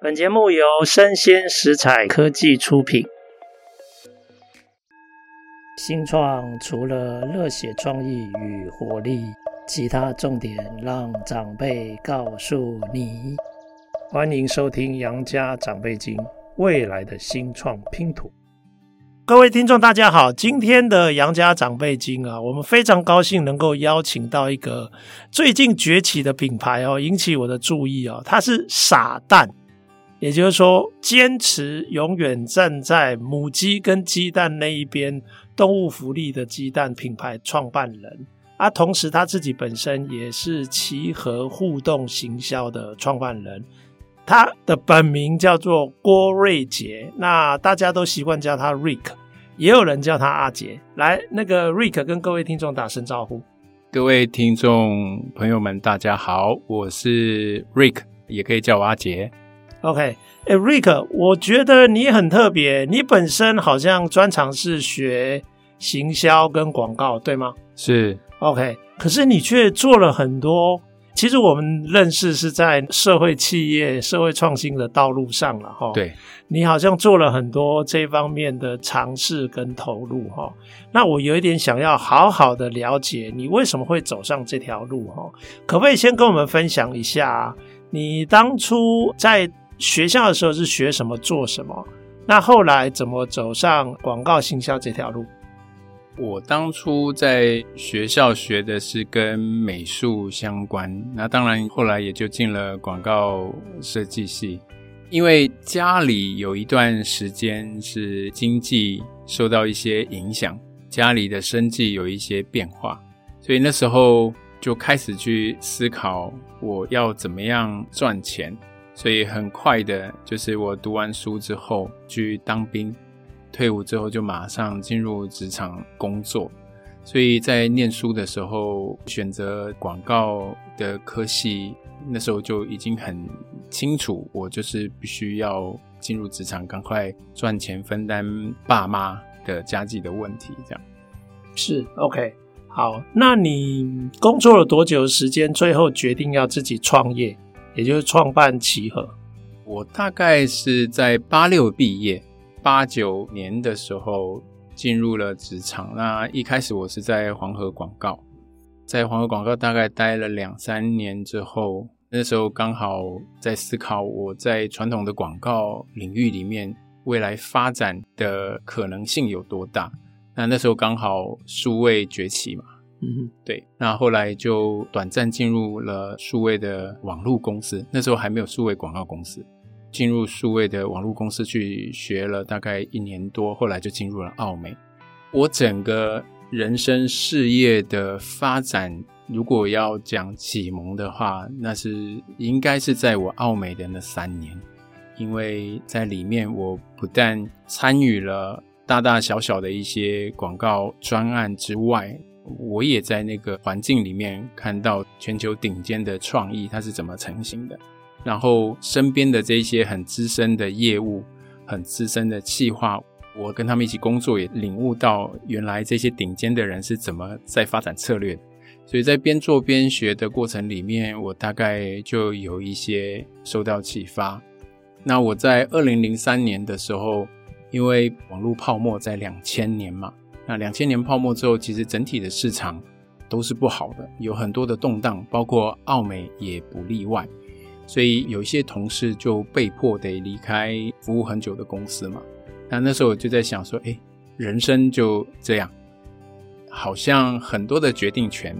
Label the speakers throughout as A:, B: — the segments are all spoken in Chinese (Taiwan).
A: 本節目由聲鮮時采科技出品。新創除了熱血創意與活力，其他重點讓長輩告訴你。歡迎收聽《楊家長輩經》，未來的新創拼圖。各位聽眾，大家好，今天的《楊家長輩經》啊，我們非常高興能夠邀請到一個最近崛起的品牌哦，引起我的注意哦，它是傻蛋。也就是說，堅持永遠站在母雞跟雞蛋那一邊，動物福利的雞蛋品牌創辦人，啊，同時他自己本身也是奇禾互動行銷的創辦人。他的本名叫做郭睿杰，那大家都習慣叫他 Rick，也有人叫他阿杰。來，那個 Rick 跟各位聽眾打聲招呼。
B: 各位聽眾朋友們，大家好，我是 Rick，也可以叫我阿杰。
A: OK，哎、eh，Rick，我覺得你很特別，你本身好像專長是學行銷跟廣告，對嗎？是。OK，可是你卻做了很多。其實我們認識是在社會企業、社會創新的道路上了哈。對。你好像做了很多這方面的嘗試跟投入哈。那我有一點想要好好的了解，你為什麼會走上這條路哈？可不可以先跟我們分享一下、啊、你當初在？學校的時候是學什麼做什麼，那後來怎麼走上廣告行銷這
B: 條路？我當初在學校學的是跟美術相關，那當然後來也就進了廣告設計系，因為家裡有一段時間是經濟受到一些影響，家裡的生計有一些變化，所以那時候就開始去思考我要怎麼樣賺錢。所以很快的，就是我讀完書之後去當兵，退伍之後就馬上進入職場工作。所以在念書的時候選擇廣告的科系，那時候就已經很清楚，我就是必須要進入職場，趕快賺錢分擔爸媽的家計的問題。這樣
A: 是 OK，好。那你工作了多久的時間？最後決定要自己創業？也就是創辦奇
B: 禾，我大概是在八六畢業，八九年的時候進入了職場。那一開始我是在黃河廣告，在黃河廣告大概待了兩三年之後，那時候剛好在思考我在傳統的廣告領域裡面未來發展的可能性有多大。那那時候剛好數位崛起嘛。嗯，對。那後來就短暫進入了數位的網絡公司，那時候還沒有數位廣告公司，進入數位的網絡公司去學了大概一年多，後來就進入了奧美。我整個人生事業的發展，如果要講啟蒙的話，那是應該是在我奧美的那三年，因為在裡面，我不但參與了大大小小的一些廣告專案之外，我也在那個環境裡面看到全球頂尖的創意它是怎麼成型的。然後身邊的這些很資深的業務、很資深的企劃，我跟他們一起工作，也領悟到原來這些頂尖的人是怎麼在發展策略。所以在邊做邊學的過程裡面，我大概就有一些受到啟發。那我在二零零三年的時候，因為網絡泡沫在兩千年嘛。那兩千年泡沫之後，其實整體的市場都是不好的，有很多的動盪，包括奧美也不例外。所以有一些同事就被迫得離開服務很久的公司嘛。那那時候我就在想說，哎，人生就這樣，好像很多的決定權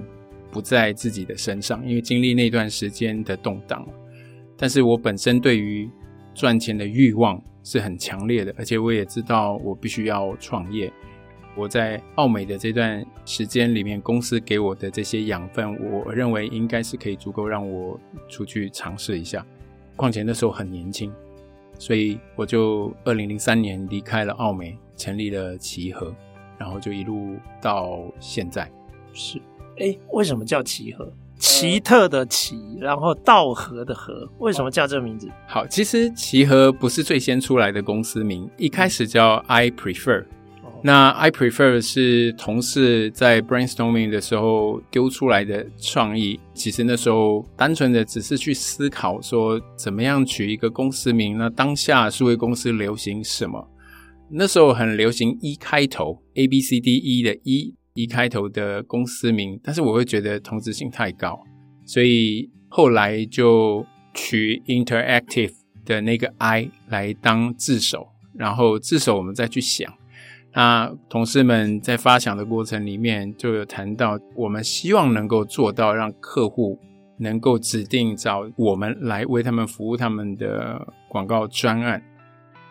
B: 不在自己的身上，因為經歷那段時間的動盪。但是我本身對於賺錢的欲望是很強烈的，而且我也知道我必須要創業。我在奧美的這段時間裡面，公司給我的這些養分，我認為應該是可以足夠讓我出去嘗試一下。況且那時候很年輕，所以我就二零零三年離開了奧美，成立了奇禾，然後就一路到現在。是，哎，為什麼叫奇禾？
A: 奇特的奇，然後稻禾的禾。為什麼叫這個名字？
B: 好，其實奇禾不是最先出來的公司名，一開始叫 I Prefer。那 I prefer 是同事在 brainstorming 的時候丟出來的創意。其實那時候單純的只是去思考說，怎麼樣取一個公司名。那當下數位公司流行什麼？那時候很流行 E 開頭 A B C D E 的 E, E 開頭的公司名，但是我會覺得同質性太高，所以後來就取 interactive 的那個 I 來當字首，然後字首我們再去想。那同事們在發想的過程裡面，就有談到我們希望能夠做到讓客戶能夠指定找我們來為他們服務他們的廣告專案，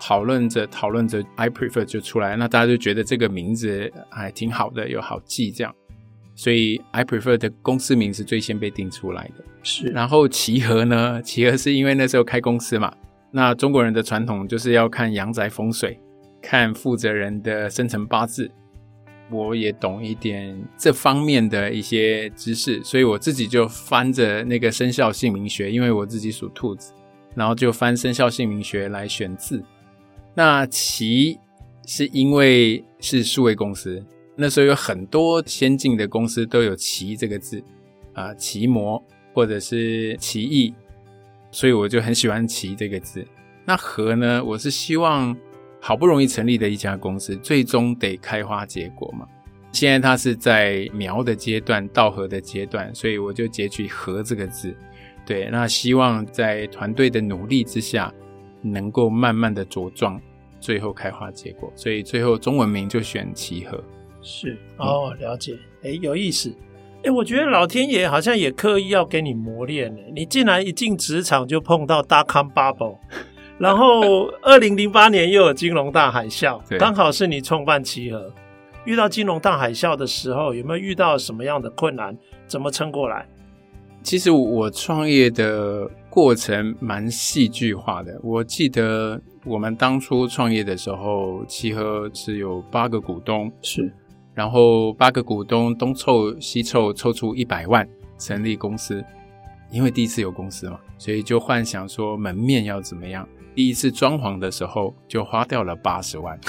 B: 討論着討論着，I prefer 就出來，那大家就覺得這個名字還挺好的，又好記這樣，所以 I prefer 的公司名是最先被定出來的。是，然後奇禾呢？奇禾是因為那時候開公司嘛，那中國人的傳統就是要看陽宅風水。看負責人的生辰八字，我也懂一點這方面的一些知識，所以我自己就翻着那個生肖姓名學，因為我自己屬兔子，然後就翻生肖姓名學來選字。那“奇”是因為是數位公司，那時候有很多先進的公司都有“奇”這個字啊，“奇摩”或者是“奇異”，所以我就很喜歡“奇”這個字。那“禾”呢，我是希望。好不容易成立的一家公司，最終得開花結果嘛，現在它是在苗的階段，到禾的階段，所以我就截取「禾」這個字。對，那希望在團隊的努力之下，能夠慢慢地茁壯，最後開花結果。所以最後中文名就選「奇禾」。
A: 是、嗯、哦，了解。誒，有意思。
B: 誒，我覺得老天爺好像
A: 也刻意要給你磨練呢。你竟然一進職場就碰到 dot-com bubble。 然後，二零零八年又有金融大海嘯，對剛好是你創辦奇禾。遇到金融大海嘯的時候，有沒有遇到什麼樣的困難？怎麼撐過來？
B: 其實我創業的過程蠻戲劇化的。我記得我們當初創業的時候，奇禾只有八個股東，是，然後八個股東東湊，湊西湊，湊出一百萬成立公司。因為第一次有公司嘛，所以就幻想說門面要怎麼樣。第一次裝潢的時候就花掉了八十萬，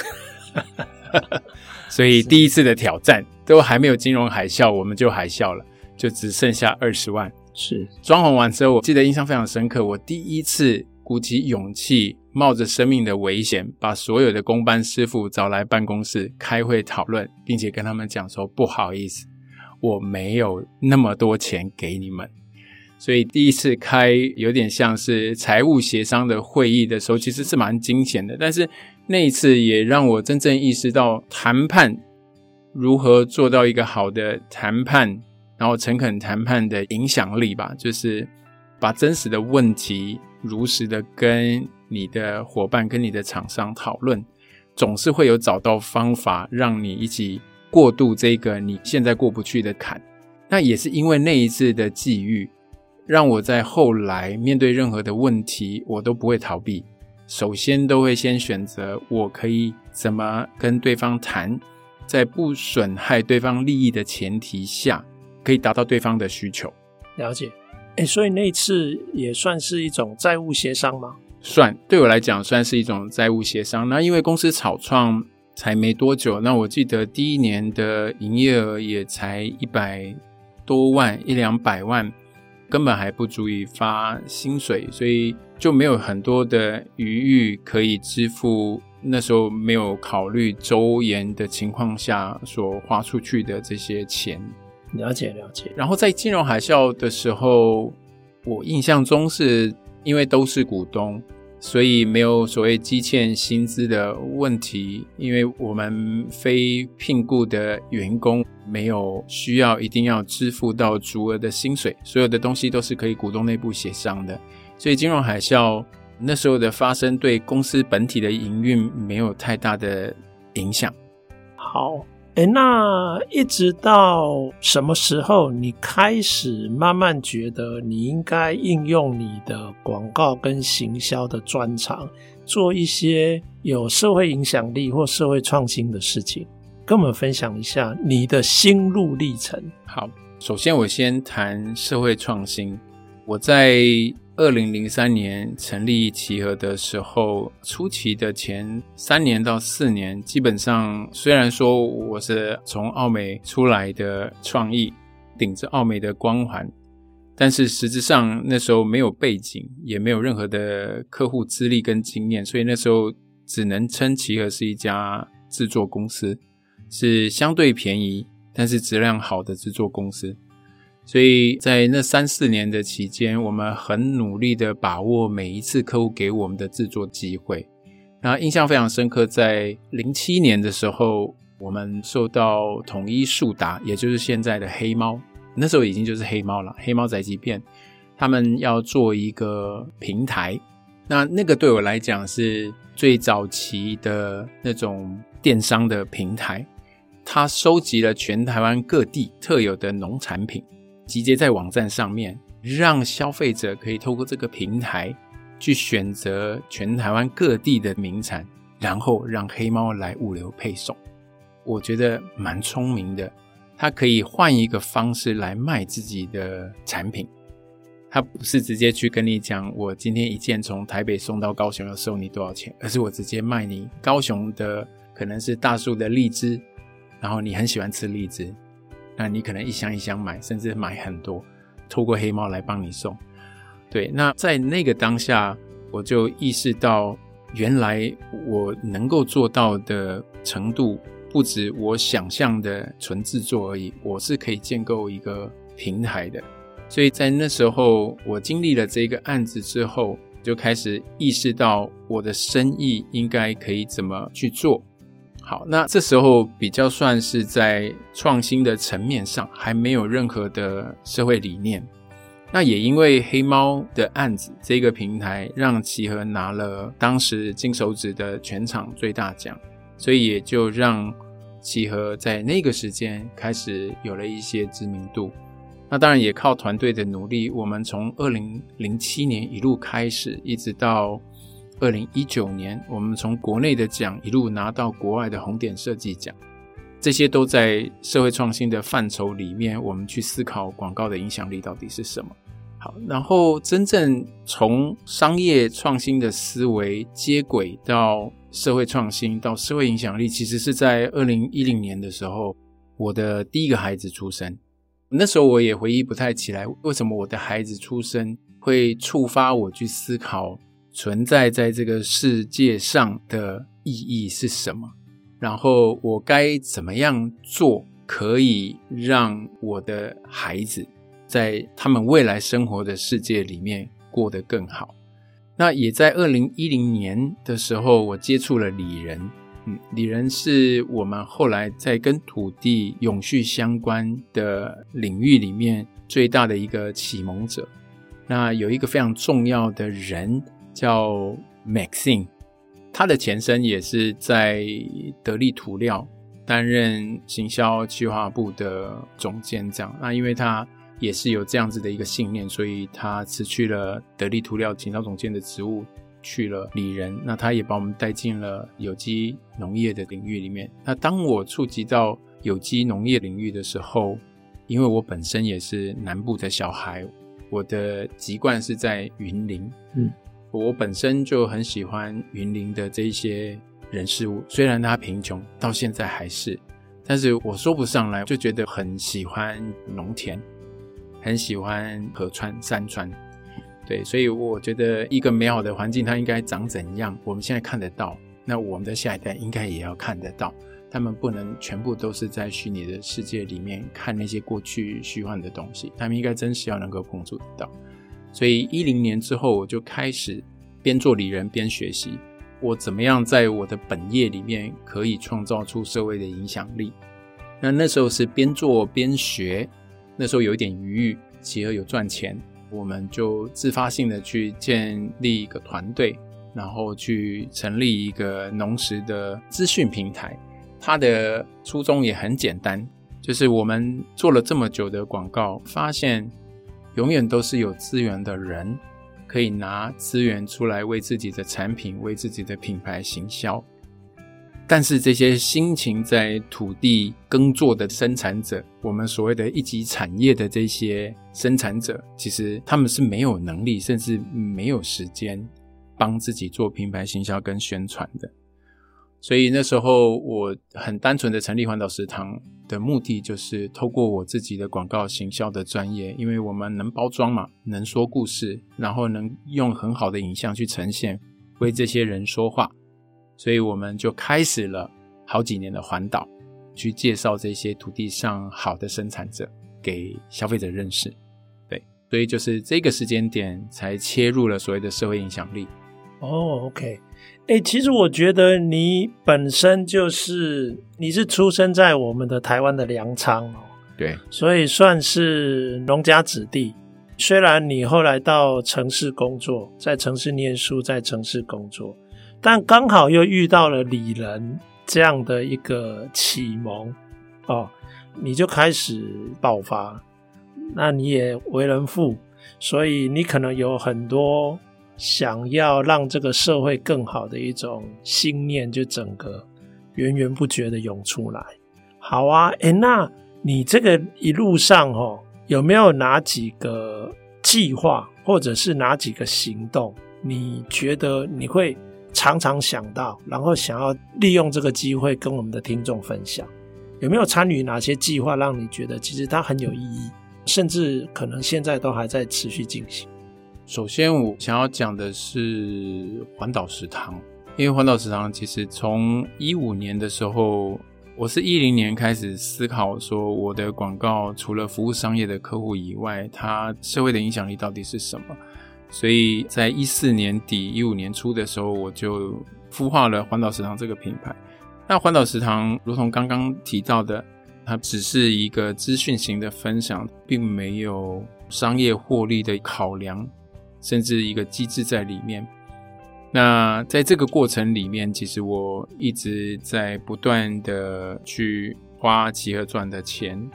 B: 所以第一次的挑戰都還沒有金融海嘯，我們就海嘯了，就只剩下二十萬。是裝潢完之後，我記得印象非常深刻，我第一次鼓起勇氣，冒着生命的危險，把所有的工班師傅找來辦公室開會討論，並且跟他們講說：“不好意思，我沒有那麼多錢給你們。”所以第一次開有點像是財務協商的會議的時候，其實是蠻驚險的。但是那一次也讓我真正意識到談判如何做到一個好的談判，然後誠懇談判的影響力吧，就是把真實的問題如實的跟你的夥伴、跟你的廠商討論，總是會有找到方法讓你一起過渡這個你現在過不去的坎。那也是因為那一次的際遇。讓我在後來面對任何的問題，我都不會逃避。首先，都會先選擇我可以怎麼跟對方談，在不損害對方利益的前提下，可以達到對方的需求。
A: 了解。誒，所以那次也算是一種債務協商嗎？
B: 算，對我來講算是一種債務協商。那因為公司草創才沒多久，那我記得第一年的營業額也才一百多萬，一兩百萬。根本還不足以發薪水，所以就沒有很多的餘裕可以支付那時候沒有考慮周延的情況下所花出去的這些錢。了解了解。了解，然後在金融海嘯的時候，我印象中是因為都是股東，所以沒有所謂積欠薪資的問題，因為我們非聘雇的員工沒有需要一定要支付到足額的薪水，所有的東西都是可以股東內部協商的。所以金融海嘯那時候的發生，對公司本體的營運沒有太大的影響。好。
A: 哎、欸，那一直到什麼時候，你開始慢慢覺得你應該應用你的廣告跟行銷的專長，做一些有社會影響力或社會創新的事情？跟我們分享一下你的心路歷程。
B: 好，首先我先談社會創新，我在。二零零三年成立奇禾的時候，初期的前三年到四年，基本上雖然說我是從奧美出來的創意，頂着奧美的光環，但是實質上那時候沒有背景，也沒有任何的客戶資歷跟經驗，所以那時候只能稱奇禾是一家製作公司，是相對便宜，但是質量好的製作公司。所以在那三四年的期間，我們很努力地把握每一次客戶給我們的製作機會。那印象非常深刻，在零七年的時候，我們受到統一速達，也就是現在的黑貓，那時候已經就是黑貓了，黑貓宅急便，他們要做一個平台。那那個對我來講是最早期的那種電商的平台，它收集了全台灣各地特有的農產品。集結在網站上面，讓消費者可以透過這個平台去選擇全台灣各地的名產，然後讓黑貓來物流配送。我覺得蠻聰明的，它可以換一個方式來賣自己的產品。它不是直接去跟你講，我今天一件從台北送到高雄要收你多少錢，而是我直接賣你高雄的，可能是大樹的荔枝，然後你很喜歡吃荔枝，那你可能一箱一箱買，甚至買很多，透過黑貓來幫你送。對，那在那個當下，我就意識到，原來我能夠做到的程度，不止我想象的純製作而已，我是可以建構一個平台的。所以在那時候，我經歷了這個案子之後，就開始意識到我的生意應該可以怎麼去做。好，那這時候比較算是在創新的層面上，還沒有任何的社會理念。那也因為黑貓的案子，這個平台讓奇禾拿了當時金手指的全場最大獎，所以也就讓奇禾在那個時間開始有了一些知名度。那當然也靠團隊的努力，我們從二零零七年一路開始，一直到。二零一九年，我們從國內的獎一路拿到國外的紅點設計獎，這些都在社會創新的範疇裡面。我們去思考廣告的影響力到底是什麼。好，然後真正從商業創新的思維接軌到社會創新，到社會影響力，其實是在二零一零年的時候，我的第一個孩子出生。那時候我也回憶不太起來，為什麼我的孩子出生會觸發我去思考。存在在這個世界上的意義是什麼？然後我該怎麼樣做可以讓我的孩子在他們未來生活的世界裡面過得更好？那也在二零一零年的時候，我接觸了里仁，嗯，里仁是我們後來在跟土地永續相關的領域裡面最大的一個啟蒙者。那有一個非常重要的人，叫 Maxine，他的前身也是在得利塗料擔任行銷企劃部的總監這樣，那因為他也是有這樣子的一個信念，所以他辭去了得利塗料行銷總監的職務，去了裡仁。那他也把我們帶進了有機農業的領域裡面。那當我觸及到有機農業領域的時候，因為我本身也是南部的小孩，我的籍貫是在雲林，嗯。我本身就很喜歡雲林的這些人事物，雖然他貧窮，到現在還是，但是我說不上來，就覺得很喜歡農田，很喜歡河川、山川，對，所以我覺得一個美好的環境，它應該長怎樣？我們現在看得到，那我們的下一代應該也要看得到，他們不能全部都是在虛擬的世界裡面看那些過去虛幻的東西，他們應該真實要能夠碰觸得到。所以一零年之後，我就開始邊做里仁邊學習，我怎麼樣在我的本業裡面可以創造出社會的影響力。那那時候是邊做邊學，那時候有一點餘裕，其二有賺錢，我們就自發性的去建立一個團隊，然後去成立一個農食的資訊平台。它的初衷也很簡單，就是我們做了這麼久的廣告，發現，永遠都是有資源的人，可以拿資源出來為自己的產品、為自己的品牌行銷。但是這些辛勤在土地耕作的生產者，我們所謂的一級產業的這些生產者，其實他們是沒有能力，甚至沒有時間幫自己做品牌行銷跟宣傳的。所以那時候我很單純的成立環島食堂的目的就是透過我自己的廣告行銷的專業，因為我們能包裝嘛，能說故事，然後能用很好的影像去呈現，為這些人說話，所以我們就開始了好幾年的環島，去介紹這些土地上好的生產者給消費者認識。對，所以就是這個時間點才切入了所謂的社會影響力。
A: 哦，OK。哎、欸，其實我覺得你本身就是，你是出生在我們的台灣的糧倉哦，對，所以算是農家子弟。雖然你後來到城市工作，在城市念書，在城市工作，但剛好又遇到了里仁這樣的一個啟蒙哦，你就開始爆發。那你也為人父，所以你可能有很多。想要讓這個社會更好的一種信念，就整個源源不絕的湧出來。好啊，哎，那你這個一路上哦，有沒有哪幾個計劃，或者是哪幾個行動，你覺得你會常常想到，然後想要利用這個機會跟我們的聽眾分享？有沒有參與哪些計劃，讓你覺得其實它很有意義，甚至可能現在都還
B: 在持續進行？首先，我想要講的是環島食堂，因為環島食堂其實從一五年的時候，我是一零年開始思考說，我的廣告除了服務商業的客戶以外，它社會的影響力到底是什麼？所以在一四年底、一五年初的時候，我就孵化了環島食堂這個品牌。那環島食堂，如同剛剛提到的，它只是一個資訊型的分享，並沒有商業獲利的考量。甚至一個機製在裡面。那在這個過程裡面，其實我一直在不斷的去花奇禾賺的錢。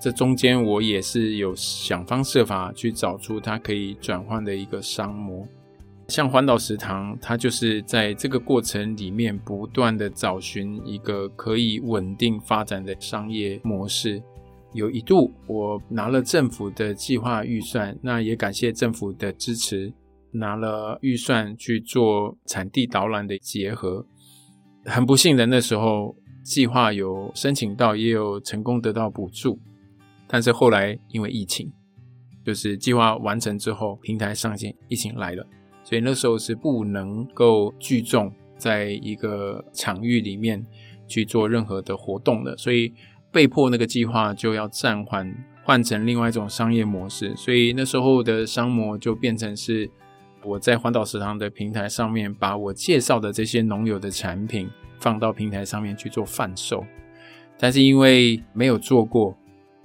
B: 這中間我也是有想方設法去找出它可以轉換的一個商模。像環島食堂，它就是在這個過程裡面不斷的找尋一個可以穩定發展的商業模式。有一度，我拿了政府的計劃預算，那也感謝政府的支持，拿了預算去做產地導覽的結合。很不幸的，那時候計劃有申請到，也有成功得到補助，但是後來因為疫情，就是計劃完成之後，平台上線，疫情來了，所以那時候是不能夠聚眾在一個場域裡面去做任何的活動的，所以。被迫那個計劃就要暫緩，換成另外一種商業模式，所以那時候的商模就變成是我在環島食堂的平台上面，把我介紹的這些農友的產品放到平台上面去做販售，但是因為沒有做過，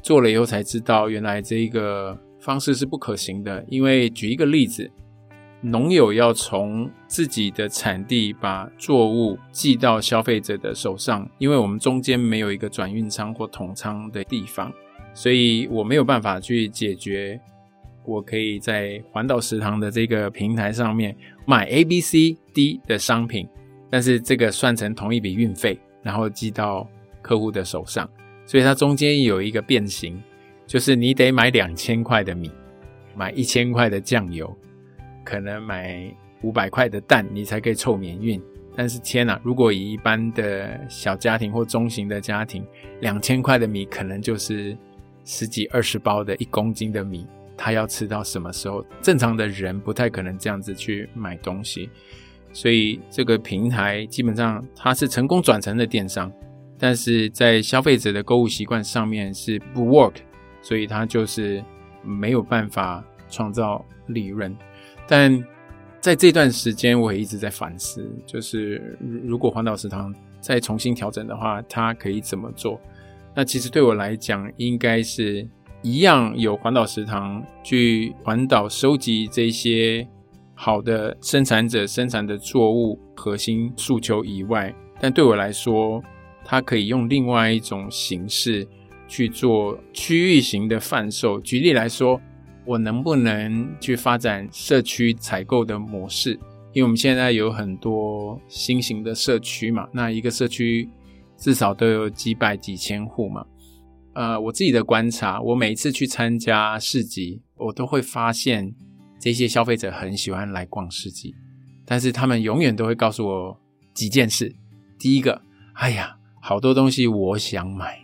B: 做了以後才知道原來這一個方式是不可行的，因為舉一個例子。農友要從自己的產地把作物寄到消費者的手上，因為我們中間沒有一個轉運倉或統倉的地方，所以我沒有辦法去解決。我可以在環島食堂的這個平台上面買 A、B、C、D 的商品，但是這個算成同一筆運費，然後寄到客戶的手上，所以它中間有一個變形，就是你得買兩千塊的米，買一千塊的醬油。可能買五百塊的蛋，你才可以湊免運。但是天哪啊，如果以一般的小家庭或中型的家庭，兩千塊的米，可能就是十幾二十包的一公斤的米，他要吃到什麼時候？正常的人不太可能這樣子去買東西。所以這個平台基本上它是成功轉成的電商，但是在消費者的購物習慣上面是不 work，所以它就是沒有辦法創造利潤。但在這段時間，我也一直在反思，就是如如果環島食堂再重新調整的話，它可以怎麼做？那其實對我來講，應該是一樣有環島食堂去環島收集這些好的生產者生產的作物核心訴求以外，但對我來說，它可以用另外一種形式去做區域型的販售。舉例來說，我能不能去發展社區採購的模式？因為我們現在有很多新型的社區嘛，那一個社區至少都有幾百幾千戶嘛。呃，我自己的觀察，我每次去參加市集，我都會發現這些消費者很喜歡來逛市集，但是他們永遠都會告訴我幾件事。第一個，哎呀，好多東西我想買，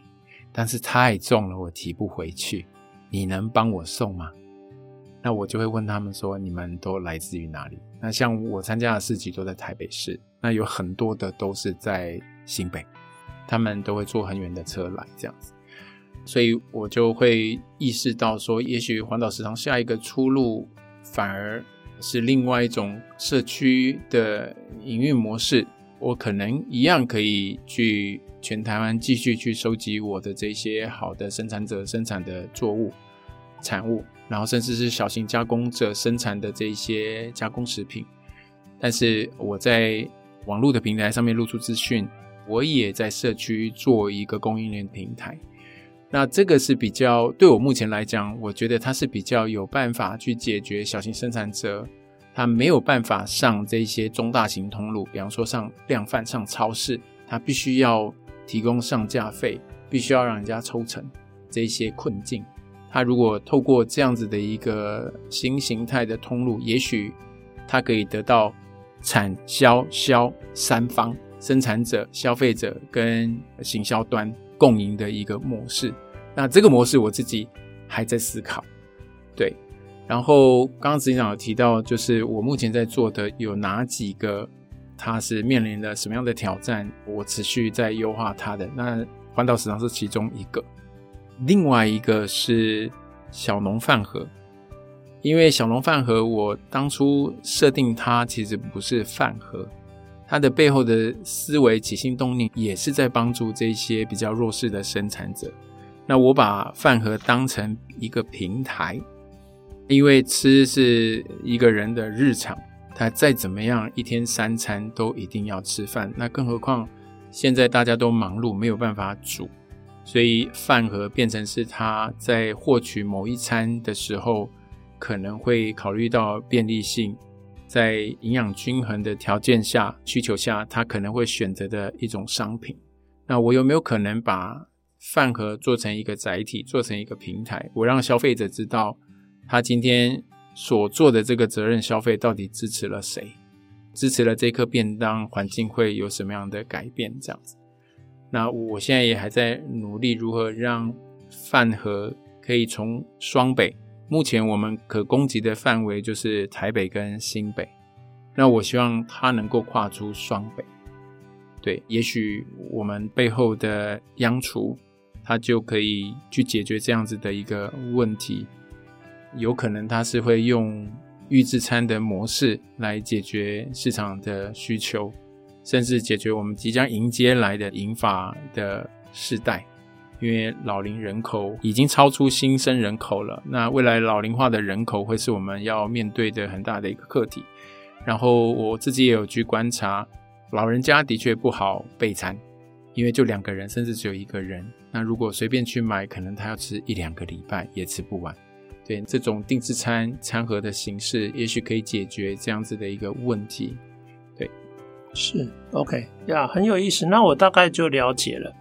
B: 但是太重了，我提不回去，你能幫我送嗎？那我就會問他們說：“你們都來自於哪裡？”那像我參加的市集都在台北市，那有很多的都是在新北，他們都會坐很遠的車來這樣子，所以我就會意識到說，也許環島食堂下一個出路反而是另外一種社區的營運模式，我可能一樣可以去全台灣繼續去收集我的這些好的生產者生產的作物。產物，然後甚至是小型加工者生產的這一些加工食品。但是我在網絡的平台上面露出資訊，我也在社區做一個供應鏈平台。那這個是比較，對我目前來講，我覺得它是比較有辦法去解決小型生產者，他沒有辦法上這些中大型通路，比方說上量販、上超市，他必須要提供上架費，必須要讓人家抽成這一些困境。它如果透過這樣子的一個新形態的通路，也許它可以得到產銷銷，銷三方生產者、消費者跟行銷端共贏的一個模式。那這個模式我自己還在思考。對，然後剛剛執行長有提到，就是我目前在做的有哪幾個，它是面臨了什麼樣的挑戰，我持續在優化它的。那環島食堂是其中一個。另外一個是小農飯盒，因為小農飯盒，我當初設定它其實不是飯盒，它的背後的思維起心動念也是在幫助這些比較弱勢的生產者。那我把飯盒當成一個平台，因為吃是一個人的日常，他再怎麼樣一天三餐都一定要吃飯，那更何況現在大家都忙碌，沒有辦法煮。所以飯盒變成是他在獲取某一餐的時候，可能會考慮到便利性，在營養均衡的條件下，需求下，他可能會選擇的一種商品。那我有沒有可能把飯盒做成一個載體，做成一個平台，我讓消費者知道他今天所做的這個責任消費到底支持了誰，支持了這顆便當，環境會有什麼樣的改變？這樣子。那我現在也還在努力，如何讓飯盒可以從雙北，目前我們可供給的範圍就是台北跟新北。那我希望它能夠跨出雙北，對，也許我們背後的央廚，它就可以去解決這樣子的一個問題。有可能它是會用預制餐的模式來解決市場的需求。甚至解決我們即將迎接來的銀髮的世代，因為老齡人口已經超出新生人口了。那未來老齡化的人口會是我們要面對的很大的一個課題。然後我自己也有去觀察，老人家的確不好備餐，因為就兩個人，甚至只有一個人，那如果隨便去買，可能他要吃一兩個禮拜也吃不完。對，這種定制餐餐盒的形式，也許可以解決這樣子的一個問題。
A: 是 OK 呀、yeah，很有意思。那我大概就了解了，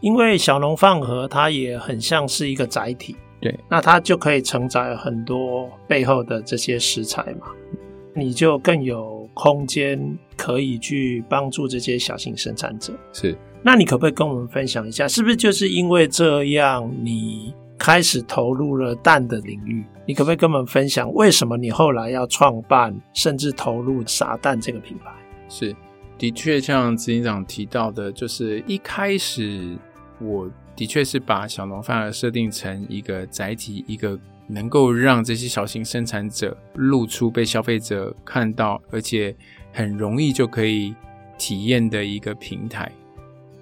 A: 因為小農飯盒它也很像是一個載體，對，那它就可以承載很多背後的這些食材嘛，嗯，你就更有空間可以去幫助這些小型生產者。是，那你可不可以跟我們分享一下，是不是就是因為這樣你開始投入了蛋的領域？你可不可以跟我們分享為什麼你後來要創辦甚至投入傻蛋這個品牌？
B: 是。的確，像執行長提到的，就是一開始我的確是把小農飯盒設定成一個載體，一個能夠讓這些小型生產者露出，被消費者看到，而且很容易就可以體驗的一個平台。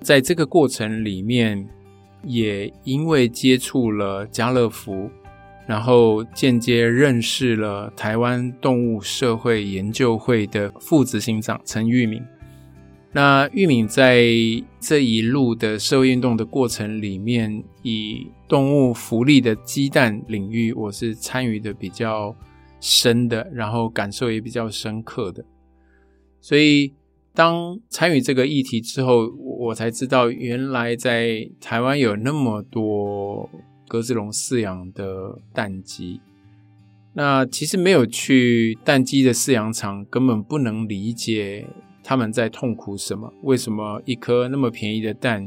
B: 在這個過程裡面，也因為接觸了家樂福，然後間接認識了台灣動物社會研究會的副執行長陳玉敏。那玉敏在這一路的社會運動的過程裡面，以動物福利的雞蛋領域，我是參與的比較深的，然後感受也比較深刻的。所以，當參與這個議題之後，我才知道原來在台灣有那麼多鴿子籠飼養的蛋雞。那其實沒有去蛋雞的飼養場，根本不能理解，他們在痛苦什麼？為什麼一顆那麼便宜的蛋，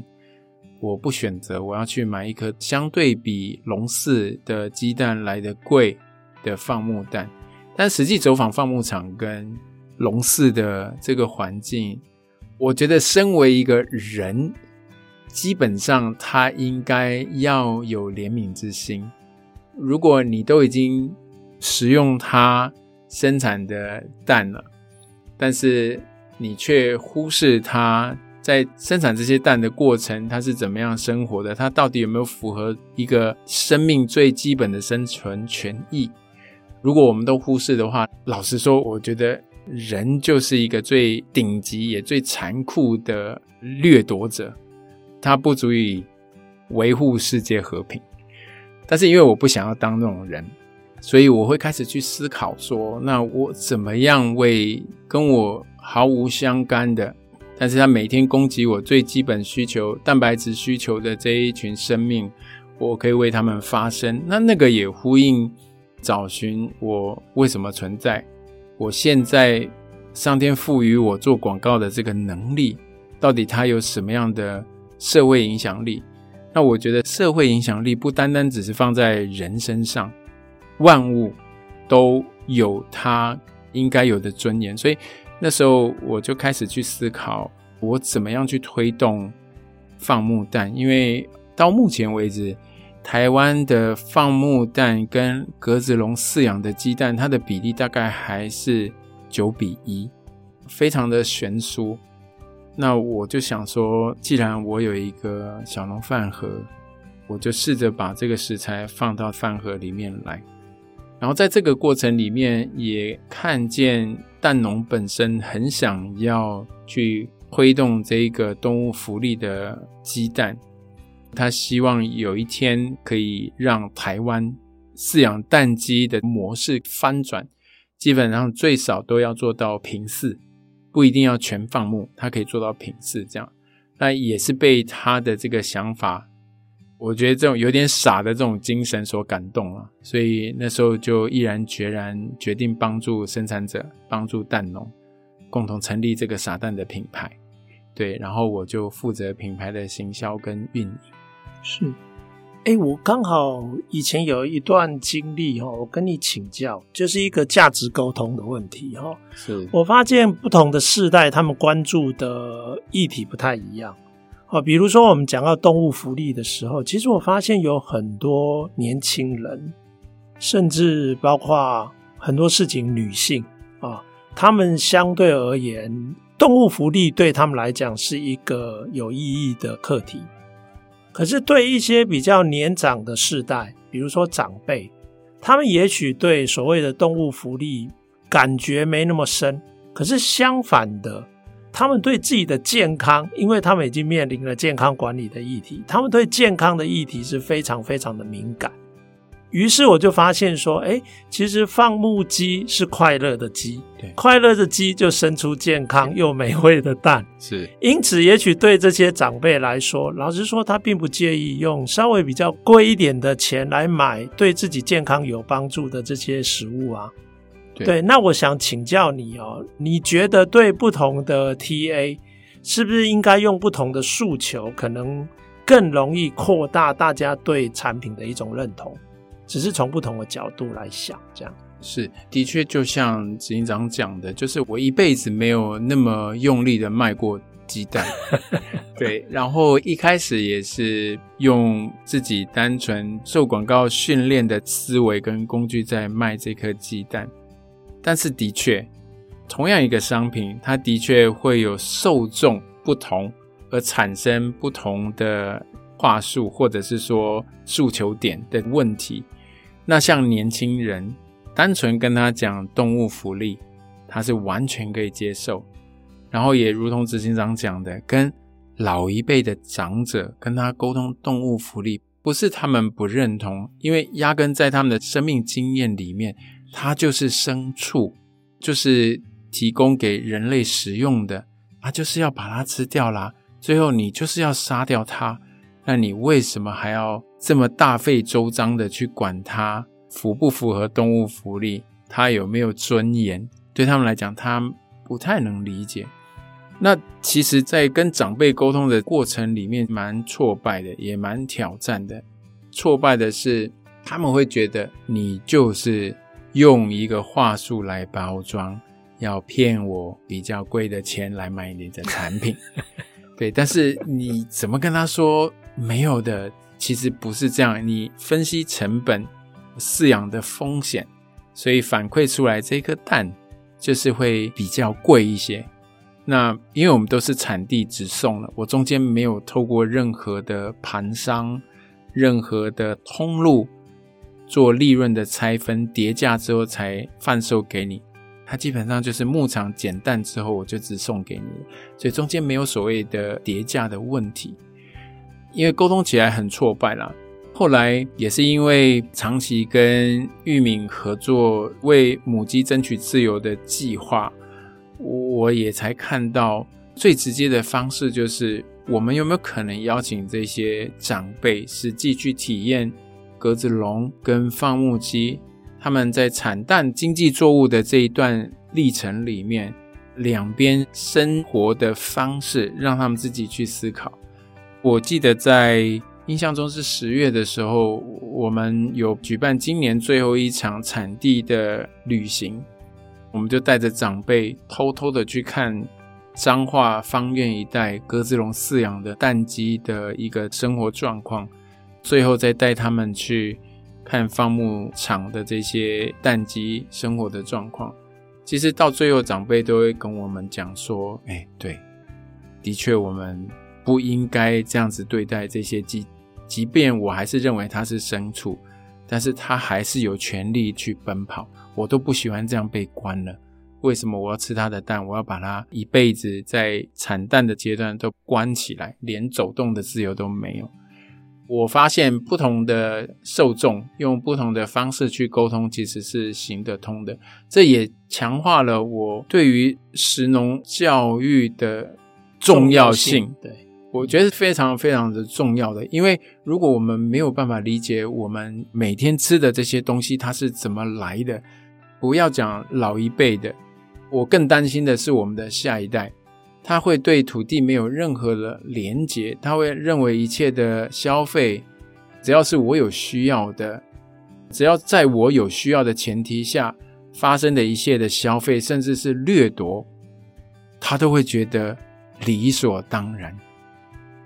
B: 我不選擇，我要去買一顆相對比籠飼的雞蛋來得貴的放牧蛋。但實際走訪放牧場跟籠飼的這個環境，我覺得身為一個人，基本上他應該要有憐憫之心。如果你都已經食用他生產的蛋了，但是你卻忽視它在生產這些蛋的過程，它是怎麼樣生活的？它到底有沒有符合一個生命最基本的生存權益？如果我們都忽視的話，老實說，我覺得人就是一個最頂級也最殘酷的掠奪者，它不足以維護世界和平。但是因為我不想要當那種人，所以我會開始去思考說，那我怎麼樣為跟我。毫無相干的，但是他每天供給我最基本需求、蛋白質需求的這一群生命，我可以為他們發聲。那那個也呼應找尋我為什麼存在。我現在上天賦予我做廣告的這個能力，到底它有什麼樣的社會影響力？那我覺得社會影響力不單單只是放在人身上，萬物都有它應該有的尊嚴，所以。那時候我就開始去思考，我怎麼樣去推動放牧蛋，因為到目前為止，台灣的放牧蛋跟格子籠飼養的雞蛋，它的比例大概還是九比一，非常的懸殊。那我就想說，既然我有一個小農飯盒，我就試着把這個食材放到飯盒裡面來。然後在這個過程裡面，也看見蛋農本身很想要去推動這個動物福利的雞蛋，他希望有一天可以讓台灣飼養蛋雞的模式翻轉，基本上最少都要做到平飼，不一定要全放牧，他可以做到平飼這樣，那也是被他的這個想法我覺得這種有點傻的這種精神所感動了啊，所以那時候就毅然決然決定幫助生產者，幫助蛋農，共同成立這個傻蛋的品牌。對，然後我就負責品牌的行銷跟運營。是，
A: 哎，我剛好以前有一段經歷哈哦，我跟你請教，就是一個價值溝通的問題哈哦。是，我發現不同的世代他們關注的議題不太一樣。啊，比如說我們講到動物福利的時候，其實我發現有很多年輕人，甚至包括很多事情，女性啊，他們相對而言，動物福利對他們來講是一個有意義的課題。可是對一些比較年長的世代，比如說長輩，他們也許對所謂的動物福利感覺沒那麼深，可是相反的。他們對自己的健康，因為他們已經面臨了健康管理的議題，他們對健康的議題是非常非常的敏感。於是我就發現說，哎，其實放牧雞是快樂的雞，對快樂的雞就生出健康又美味的蛋。是，因此也許對這些長輩來說，老實說，他並不介意用稍微比較貴一點的錢來買對自己健康有幫助的這些食物啊。對，那我想請教你哦，你覺得對不同的 TA，是不是應該用不同的訴求，可能更容易擴大大家對產品的一種認同？只是從不同的角度來想，這樣。
B: 是，的確就像執行長講的，就是我一輩子沒有那麼用力的賣過雞蛋。 對，然後一開始也是用自己單純受廣告訓練的思維跟工具在賣這顆雞蛋。但是的確，同樣一個商品，它的確會有受眾不同而產生不同的話術，或者是說訴求點的問題。那像年輕人，單純跟他講動物福利，他是完全可以接受。然後也如同執行長講的，跟老一輩的長者跟他溝通動物福利，不是他們不認同，因為壓根在他們的生命經驗裡面。它就是牲畜，就是提供給人類食用的啊，就是要把它吃掉啦。最後你就是要殺掉它，那你為什麼還要這麼大費周章的去管它？符不符合動物福利，它有沒有尊嚴？對他們來講，他不太能理解。那其實，在跟長輩溝通的過程裡面，蠻挫敗的，也蠻挑戰的。挫敗的是，他們會覺得你就是。用一個話術來包裝，要騙我比較貴的錢來買你的產品， 對。但是你怎麼跟他說沒有的？其實不是這樣。你分析成本、飼養的風險，所以反饋出來這顆蛋就是會比較貴一些。那因為我們都是產地直送的，我中間沒有透過任何的盤商、任何的通路。做利潤的拆分疊加之後才販售給你，它基本上就是牧場撿蛋之後我就直送給你，所以中間沒有所謂的疊加的問題，因為溝通起來很挫敗啦。後來也是因為長期跟玉敏合作為母雞爭取自由的計劃，我也才看到最直接的方式就是我們有沒有可能邀請這些長輩實際去體驗。格子籠跟放牧雞，他們在產蛋經濟作物的這一段歷程裡面，兩邊生活的方式，讓他們自己去思考。我記得在印象中是十月的時候，我們有舉辦今年最後一場產地的旅行，我們就帶着長輩偷偷的去看彰化芳苑一帶格子籠飼養的蛋雞的一個生活狀況。最後再帶他們去看放牧場的這些蛋雞生活的狀況。其實到最後，長輩都會跟我們講說：“哎、欸，對，的確，我們不應該這樣子對待這些雞。即便我還是認為它是牲畜，但是它還是有權利去奔跑。我都不喜歡這樣被關了。為什麼我要吃它的蛋？我要把它一輩子在產蛋的階段都關起來，連走動的自由都沒有。”我發現不同的受眾用不同的方式去溝通，其實是行得通的。這也強化了我對於食農教育的重要性。重要性，對，我覺得是非常非常的重要的。因為如果我們沒有辦法理解我們每天吃的這些東西它是怎麼來的，不要講老一輩的，我更擔心的是我們的下一代。他會對土地沒有任何的連接，他會認為一切的消費，只要是我有需要的，只要在我有需要的前提下發生的一切的消費，甚至是掠奪，他都會覺得理所當然。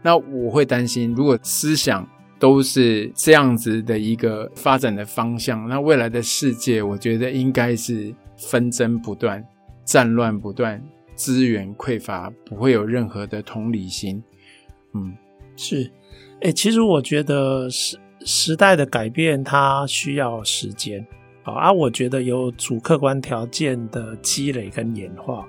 B: 那我會擔心，如果思想都是這樣子的一個發展的方向，那未來的世界，我覺得應該是紛爭不斷，戰亂不斷。資源匱乏，不會有任何的同理心。嗯，是，哎、欸，其實我覺得
A: 時時代的改變它需要時間，好啊，我覺得有主客觀條件的積累跟演化。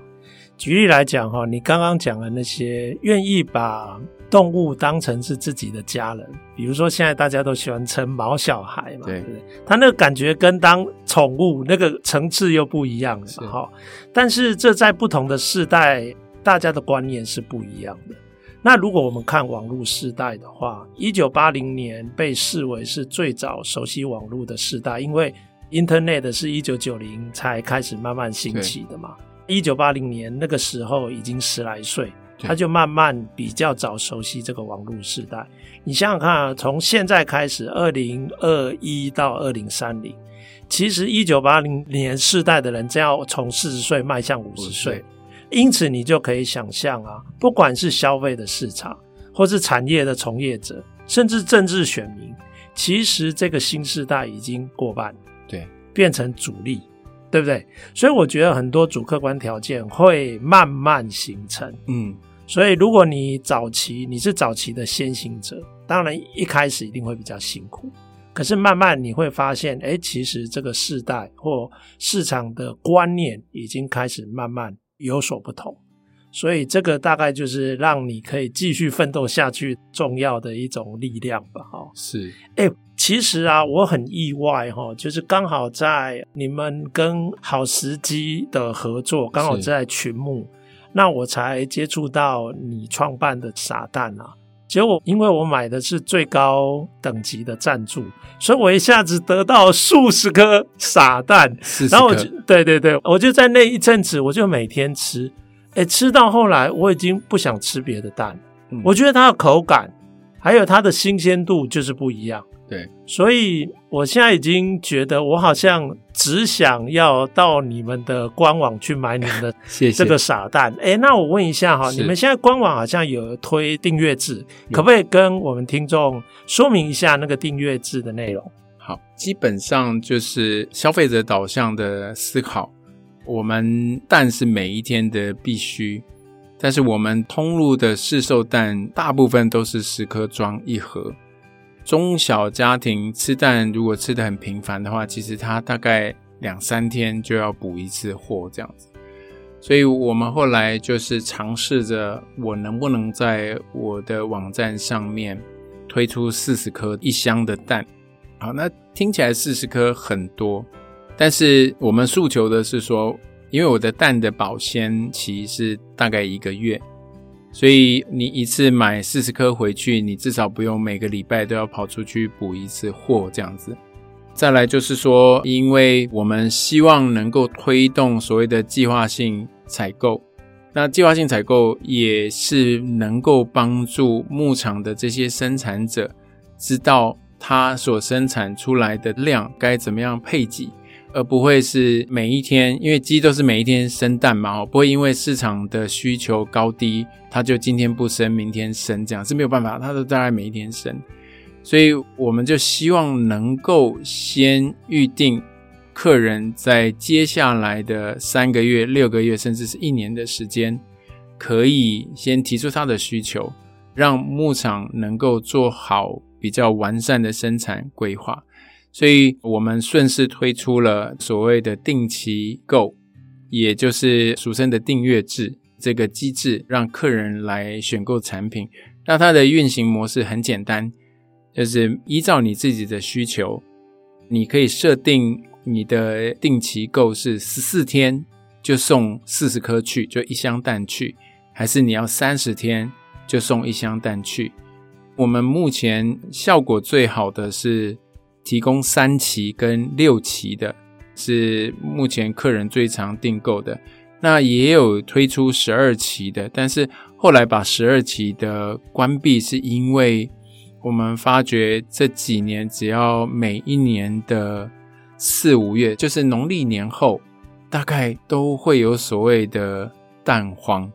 A: 舉例來講哈，你剛剛講的那些願意把動物當成是自己的家人，比如說現在大家都喜歡稱“毛小孩”嘛，對不對？他那個感覺跟當寵物那個層次又不一樣了嘛。是，但是這在不同的世代，大家的觀念是不一樣的。那如果我們看網絡世代的話，一九八零年被視為是最早熟悉網絡的世代，因為 Internet 是一九九零才開始慢慢興起的嘛。一九八零年那個時候已經十來歲。對他就慢慢比較早熟悉這個網絡世代。你想想看啊，從現在開始，二零二一到二零三零，其實一九八零年世代的人正要從四十歲邁向五十歲，對因此你就可以想象啊，不管是消費的市場，或是產業的從業者，甚至政治選民，其實這個新世代已經過半，對，變成主力。對不對？所以我覺得很多主客觀條件會慢慢形成，嗯。所以如果你早期你是早期的先行者，當然一開始，一定會比較辛苦，可是慢慢你會發現，哎，其實這個世代或市場的觀念已經開始慢慢有所不同。所以這個大概就是讓你可以繼續奮鬥下去重要的一種力量吧，哈。是，誒其實啊，我很意外哈、哦，就是剛好在你們跟好時機的合作，剛好在群募，是那我才接觸到你創辦的傻蛋啊。結果因為我買的是最高等級的贊助，所以我一下子得到數十顆傻蛋，十然後我就，對對對，我就在那一陣子，我就每天吃，哎，吃到後來我已經不想吃別的蛋，嗯、我覺得它的口感還有它的新鮮度就是不一樣。對，所以我現在已經覺得，我好像只想要到你們的官網去買你們的這個傻蛋。哎謝，那我問一下哈，是你們現在官網好像有推訂閱制，有可不可以跟我們聽眾說明一下
B: 那個訂閱制的內容？好，基本上就是消費者導向的思考。我們蛋是每一天的必須，但是我們通路的市售蛋大部分都是十顆裝一盒。中小家庭吃蛋，如果吃的很頻繁的話，其實他大概兩三天就要補一次貨這樣子。所以，我們後來就是嘗試着，我能不能在我的網站上面推出四十顆一箱的蛋。好，那聽起來四十顆很多，但是我們訴求的是說，因為我的蛋的保鮮期是大概一個月。所以你一次買四十顆回去，你至少不用每個禮拜都要跑出去補一次貨這樣子。再來就是說，因為我們希望能夠推動所謂的計劃性採購，那計劃性採購也是能夠幫助牧場的這些生產者知道他所生產出來的量該怎麼樣配給。而不會是每一天，因為雞都是每一天生蛋嘛，不會因為市場的需求高低，它就今天不生，明天生，這樣是沒有辦法，它都大概每一天生，所以我們就希望能夠先預定客人在接下來的三個月、六個月，甚至是一年的時間，可以先提出他的需求，讓牧場能夠做好比較完善的生產規劃。所以我們順勢推出了所謂的定期購，也就是俗稱的訂閱制，這個機制讓客人來選購產品。那它的運行模式很簡單，就是依照你自己的需求，你可以設定你的定期購是十四天就送四十顆去，就一箱蛋去；還是你要三十天就送一箱蛋去。我們目前效果最好的是。提供三期跟六期的，是目前客人最常訂購的。那也有推出十二期的，但是後來把十二期的關閉，是因為我們發覺這幾年只要每一年的四五月，就是農曆年後，大概都會有所謂的蛋荒，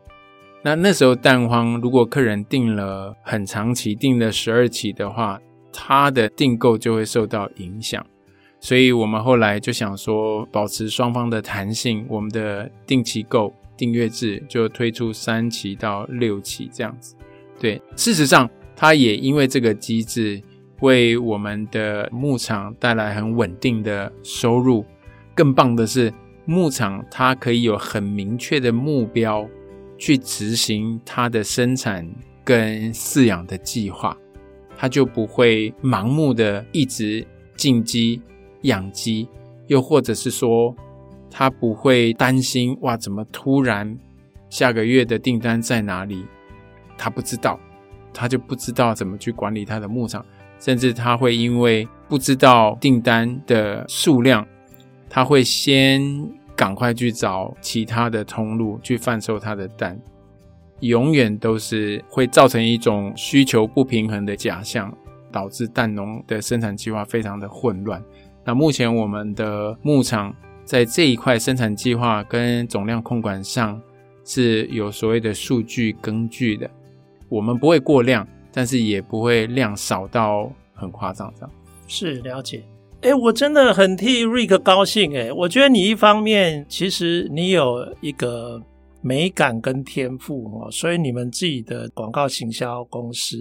B: 那那時候蛋荒如果客人訂了很長期，訂了十二期的話，它的訂購就會受到影響，所以我們後來就想說，保持雙方的彈性，我們的定期購訂閱制就推出三期到六期這樣子。對，事實上，它也因為這個機制，為我們的牧場帶來很穩定的收入。更棒的是，牧場它可以有很明確的目標，去執行它的生產跟飼養的計劃。他就不會盲目的一直進雞養雞，又或者是說他不會擔心哇，怎麼突然下個月的訂單在哪裡？他不知道，他就不知道怎麼去管理他的牧場，甚至他會因為不知道訂單的數量，他會先趕快去找其他的通路去販售他的蛋。永遠都是會造成一種需求不平衡的假象，導致蛋農的生產計劃非常的混亂。那目前我們的牧場在這一塊生產計劃跟總量控管上是有所謂的數據根據的，我們不會過量，但是也不會量少到很誇張這樣。
A: 是了解，哎，我真的很替 Rick 高興哎，我覺得你一方面其實你有一個。美感跟天賦哦，所以你們自己的廣告行銷公司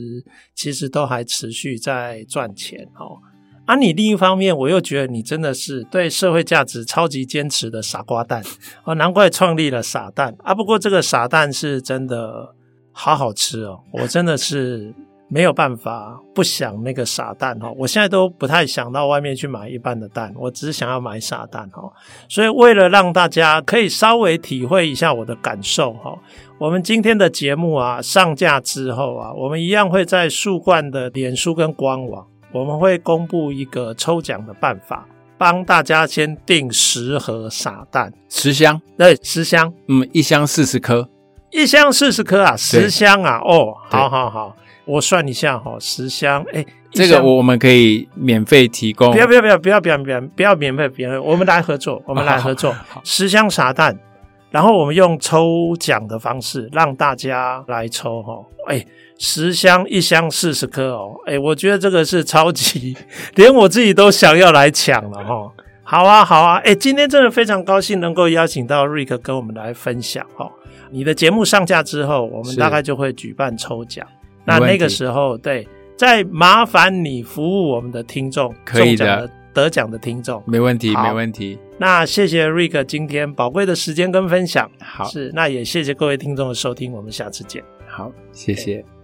A: 其實都還持續在賺錢哦。啊，你另一方面，我又覺得你真的是對社會價值超級堅持的傻瓜蛋哦，難怪創立了傻蛋啊。不過這個傻蛋是真的好好吃哦，我真的是。沒有辦法不想那個傻蛋哈，我現在都不太想到外面去買一般的蛋，我只想要買傻蛋哈。所以為了讓大家可以稍微體會一下我的感受哈，我們今天的節目啊上架之後啊，我們一樣會在樹冠的臉書跟官網，我們會公布一個抽獎的辦法，幫大家先訂十盒傻蛋，
B: 十箱對，十箱，嗯，一箱四十顆，
A: 一箱四十顆啊，十箱啊，對哦，好好好。我算一下哈、哦，十箱哎，欸、這個箱我
B: 們可以免費提供。不要
A: 不要不要不要不要不要不要免費，我們來合作，我們來合作。哦，十箱傻蛋？然後我們用抽獎的方式讓大家來抽哈、哦。哎、欸，十箱一箱四十顆哦。哎、欸，我覺得這個是超級，連我自己都想要來搶了哈、哦。好啊好啊，哎、欸，今天真的非常高興能夠邀請到睿杰跟我們來分享哈、哦。你的節目上架之後，我們大概就會舉辦抽獎。那那個時候，對，再麻煩你服務我們的聽眾，可以的，中獎的得獎的聽眾，沒問題，好沒問題。那謝謝 Rick 今天寶貴的時間跟分享，好，是，那也謝謝各位聽眾的收聽，我們下次見，
B: 好，謝謝。Okay.